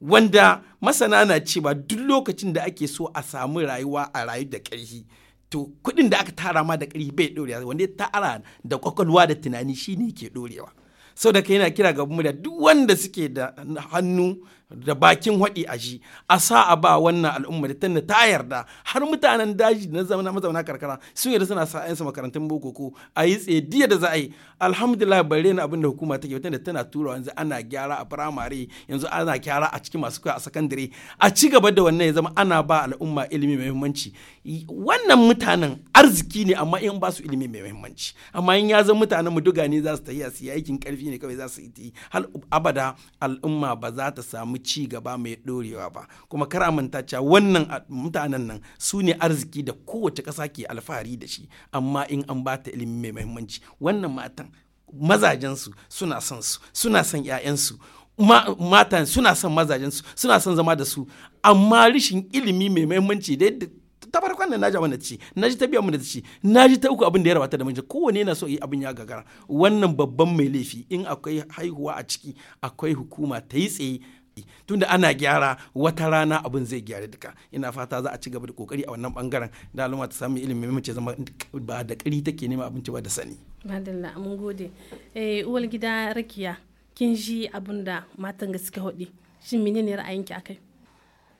E: wanda masana na cewa duk lokacin da ake so a samu rayuwa a rayu da ƙarfi to kuɗin da aka tara ma da ƙarfi bai ɗorewa wanda ya tara da kwakwalwa da tunani shine ke ɗorewa sau da yana kira ga mu da duk wanda suke da hannu da bakin haɗi a shi a sa a ba wannan al'umma da ta yarda har mutanen daji na zamana mazauna karkara sun yarda suna sa ayansa makarantun boko ko a yi tsediya da za a yi alhamdulillah bare na abin da hukuma take wata da tana tura yanzu ana gyara a firamare yanzu ana gyara a cikin masu a sakandare a ci gaba da wannan ya zama ana ba al'umma ilimi mai muhimmanci wannan mutanen arziki ne amma in ba su ilimi mai muhimmanci amma in ya zama mutanen mu duga ne za su tafiya a siya aikin karfi ne kawai za su yi hal abada al'umma ba za ta samu samu ci gaba mai ɗorewa ba kuma kar a manta cewa wannan mutanen nan su ne arziki da kowace ƙasa ke alfahari da shi amma in an ba ta ilimi mai muhimmanci wannan matan mazajensu suna son su suna son 'ya'yansu matan suna son mazajensu suna son zama da su amma rishin ilimi mai muhimmanci da yadda ta farko na naji abin da ci naji ta biyu abin da ci naji ta uku abin da ya rabata da miji kowane yana so yi abin ya gagara wannan babban mai laifi in akwai haihuwa a ciki akwai hukuma ta yi tsaye tunda ana gyara wata rana abin zai gyara duka ina fata za a ci gaba da kokari a wannan bangaren da al'umma ta samu ilimi mace zama ba da kari take nema abinci ba da sani
B: madalla mun gode eh uwal gida rakiya kin ji abin da matan ga suka
D: hodi shin menene ra'ayinki akai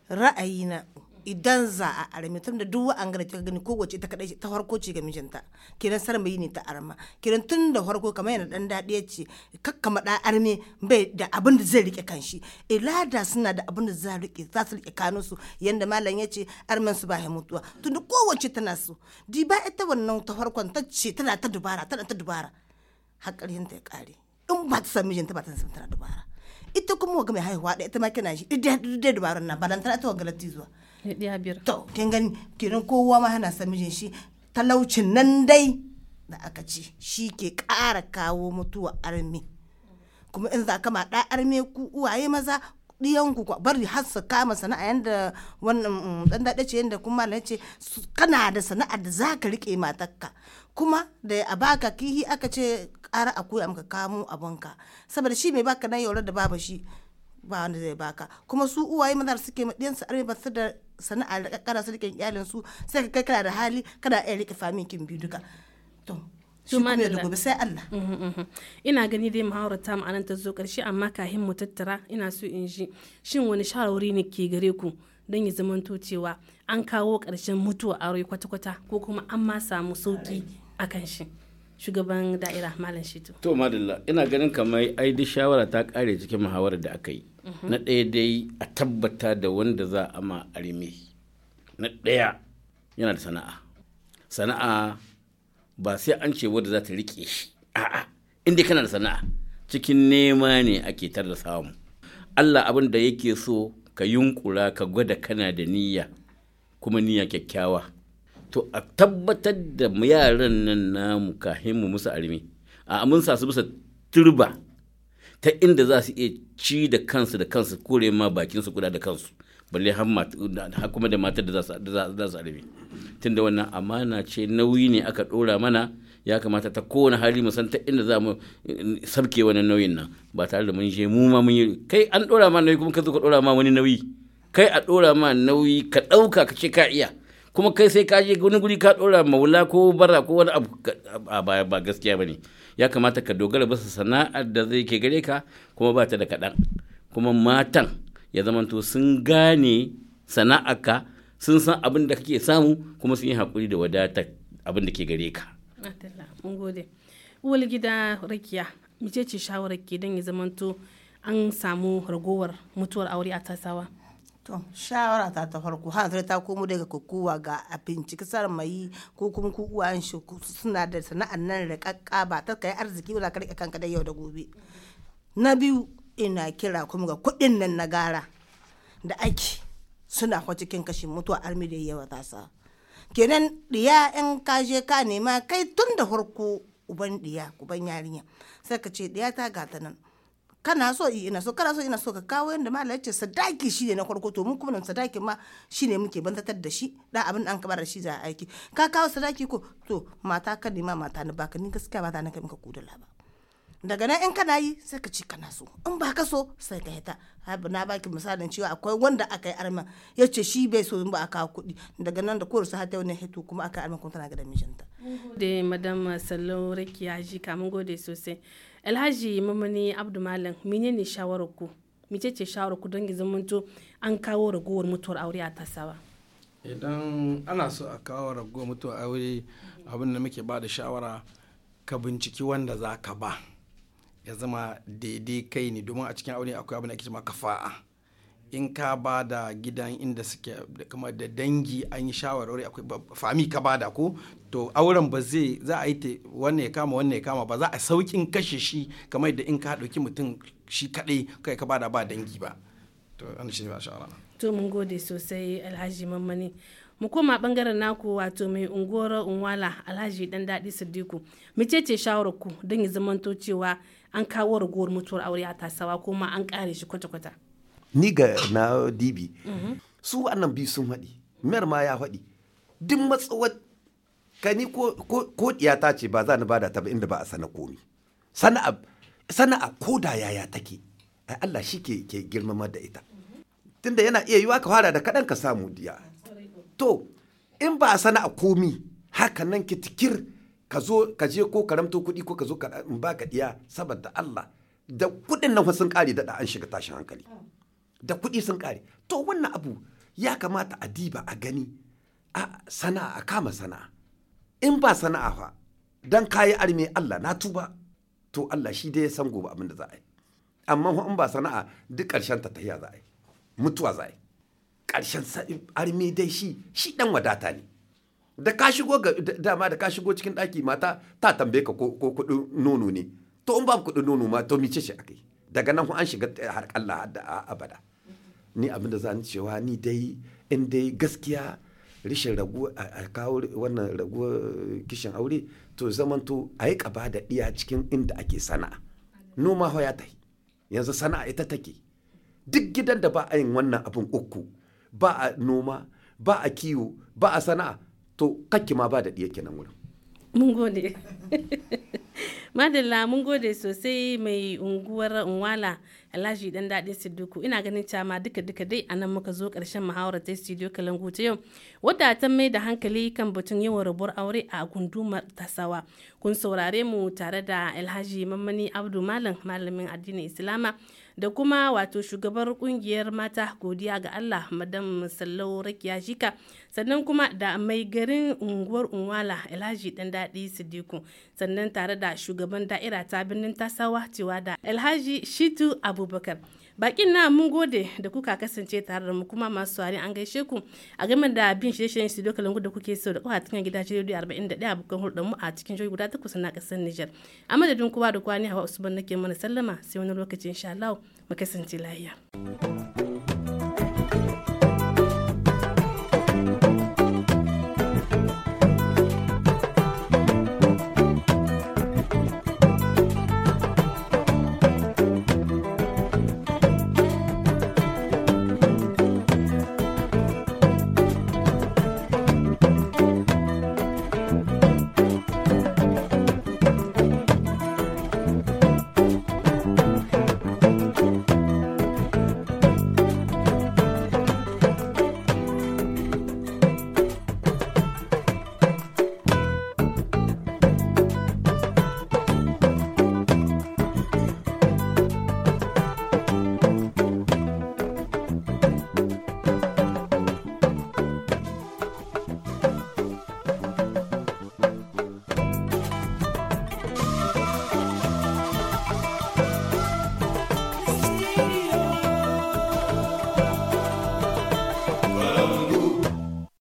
D: ra'ayina idan za a arme da duk wa'anga da kika gani ko wace ta kadai ta farko ce ga mijinta kiran yi ne ta arma kiran tun da farko kamar yana dan dadiya ce kakkama da arme bai da abin da zai rike kanshi ilada eh, suna da abin da za rike za su rike kanun su yanda malam yace arman su ba mutuwa da kowace tana so di ba ita wannan ta farkon ta ce tana ta dubara tana ta dubara har ƙarfin ta ya ƙare in ba ta san mijinta ba ta san tana dubara ita kuma ga mai haihuwa da ita ma kina shi duk da dubaran nan ba dan tana ta waga latti zuwa to kin gani kenan kowa ma yana son mijin shi talaucin nan dai da aka ci shi ke ƙara kawo mutuwa armi kuma in za ka ma ɗa arme ku uwaye maza ɗiyan ku bari har su kama sana'a yanda wannan dan mm, daɗe ce yanda kuma malam ce kana da sana'a da za ka riƙe matarka kuma da a baka kihi aka ce ƙara a koya maka kamo abinka saboda shi mai baka nan yaurar da babu shi ba wanda zai baka kuma su uwaye maza suke ma su arme ba su da sana'a da kakkara su rikin iyalin su sai ka kai da hali kada iya rike famin kin biyu duka to
B: shi kuma ya gobe sai Allah mm-hmm, mm-hmm. ina gani dai muhawarar ta ma'anar ta zo karshe amma kahin mu tattara ina so in ji shin wani shawarwari ne ke gare ku don ya zamanto cewa an kawo karshen mutuwa aure kwata-kwata ko kuma an ma samu sauki kan shi shugaban da'ira malam shitu
A: to madalla ina ganin kamar ai duk shawara ta kare cikin muhawarar da aka yi na ɗaya dai a tabbata da wanda za a ma armi na ɗaya yana da sana'a sana'a ba sai an ce wadda za ta riƙe shi a'a inda kana da sana'a cikin nema ne ake tar da samu Allah abin da yake so ka yunkura ka gwada kana da niyya kuma niyya kyakkyawa to a tabbatar da yaran nan namu ka mu musu armi a mun sa su bisa turba ta inda za su iya ci da kansu da kansu kore ma bakin su kuda da kansu balle har kuma da matar da za su tun da wannan amana ce nauyi ne aka dora mana ya kamata ta kowane hali mu san ta inda za mu eh, sabke wannan nauyin nan ba tare da mun je mu ma mun yi kai an dora ma nauyi kuma ka zo ka dora ma wani nauyi kai a dora ma nauyi ka dauka ka ce ka iya kuma kai sai ka je wani guri ka ɗora maula ko bara ko wani abu a baya ba gaskiya bane ya kamata ka dogara bisa sana'ar da zai ke gare ka kuma ba ta da kaɗan kuma matan ya zamanto sun gane sana'arka sun san abin da kake samu kuma sun yi haƙuri da wadata abin da ke gare ka.
B: mun Uwal gida rakiya, mice ce shawarar ke don ya zamanto an samu ragowar
D: mutuwar aure a tasawa. To, shawara ta ta farko hanzar ta komo daga kokowa ga abinci kasar mai ko kuma ku uwayen shi suna da sana'an nan rikakka ba ta kai arziki ba za ka rike kanka da yau da gobe. Na biyu ina kira kuma ga kuɗin nan na gara da ake suna kwa cikin kashin mutuwa armi da yawa ta sa. Kenan diya in ka je ka nema kai tun da farko uban diya uban yarinya sai ka ce diya ta gata nan kana so yi ina so kana so ina so ka kawo yanda ya ce sadaki shi ne na farko to mun kuma nan sadakin ma shi ne muke bantatar da shi da abin da an kabar da shi za a aiki ka kawo sadaki ko to mata ka nema mata ni baka ni gaskiya ba za na kai ka kudula ba daga nan in kana yi sai ka ci kana so in ba ka so sai ka hita na baki misalin cewa akwai wanda aka yi arma ya ce shi bai so in ba a kawo kuɗi daga nan da kowace hata wani hito kuma aka yi arma kuma tana ga da mijinta. da
B: madam sallau rakiya kamun gode sosai alhaji mamani abdu malam menene shawarar ku mice ce shawarar ku don ki zamanto an kawo ragowar mutuwar aure a tasawa
E: idan ana so a kawo ragowar mutuwar aure abin da muke ba da shawara ka binciki wanda za ka ba ya zama daidai kai ne domin a cikin aure akwai abin da ake cewa kafa'a in ka ba da gidan inda suke kamar da dangi an yi shawarwari akwai fami ka ba da ko to auren ba zai za a yi ta wanne ya kama wanne ya kama ba za a saukin kashe shi kamar da in ka ɗauki mutum shi kaɗai kai ka ba da ba dangi ba to an shi ba shawara
B: to mun gode sosai alhaji mammani mu koma bangaren naku wato mai ungoro unwala alhaji dan daɗi sadiku micece ce shawararku don ya zamanto cewa an kawo ragowar mutuwar aure a tasawa kuma an kare shi kwata-kwata
C: ni ga na dibi su wannan biyu sun haɗi mayar ma ya haɗi duk matsawar kani ko ta ce ba za ni bada ta ba inda ba a sana komi sana'a sana'a ko da yaya take ai Allah shi ke ke girmama da ita tunda yana iya yiwa ka fara da kaɗan ka samu diya to in ba a sana'a komi haka nan kitikir ka zo ka je ko karamto kuɗi ko ka zo ka ba ka diya saboda Allah da kuɗin nan sun ƙare da an shiga tashin hankali da kuɗi sun ƙare to wannan abu ya kamata a diba a gani a sana'a a kama sana'a in ba sana'a fa dan kayi arme Allah na tuba to Allah shi dai ya san gobe abin da za a yi amma in ba sana'a duk ƙarshen ta tahiya za a yi mutuwa za a yi ƙarshen arme dai shi shi dan wadata ne da ka shigo dama da ka shigo cikin ɗaki mata ta tambaye ka ko kuɗin nono ne to in ba kuɗin nono ma to mice shi akai daga nan an shiga har kalla a abada ni abin da zan cewa ni dai in dai gaskiya rishin ragu a kawo wannan ragu kishin aure to zamanto a yi kaba da iya cikin inda ake sana'a noma hoya ta yanzu sana'a ita take duk gidan da ba a yin wannan abin uku ba a noma ba a kiwo ba a sana'a to kakki ma ba da iya kenan wurin
B: mun gode madalla mun gode sosai mai unguwar unwala alhaji dan dadi sidduku ina ganin cama duka duka dai a nan muka zo karshen muhawarar ta studio kalangu ta yau wadda ta mai da hankali kan batun yawan rabuwar aure a gundumar tasawa kun saurare mu tare da alhaji mamani abdu malam malamin addinin islama da kuma wato shugabar kungiyar mata godiya ga allah madam sallau rakiya shika sannan kuma da mai garin unguwar unwala alhaji dan daɗi sidiku sannan tare da shugaban da'ira ta birnin tasawa cewa da alhaji shitu abubakar bakin na mun gode da kuka kasance tare da mu kuma masu ari an gaishe ku a game da bin shirye-shiryen studio kalangu da kuke so da kwa cikin gidajen da 41 abokan hulɗar mu a cikin jihohi guda takwas na ƙasar Nijar a madadin kowa da kwani hawa usman nake mana sallama sai wani lokacin insha Allah mu kasance lafiya.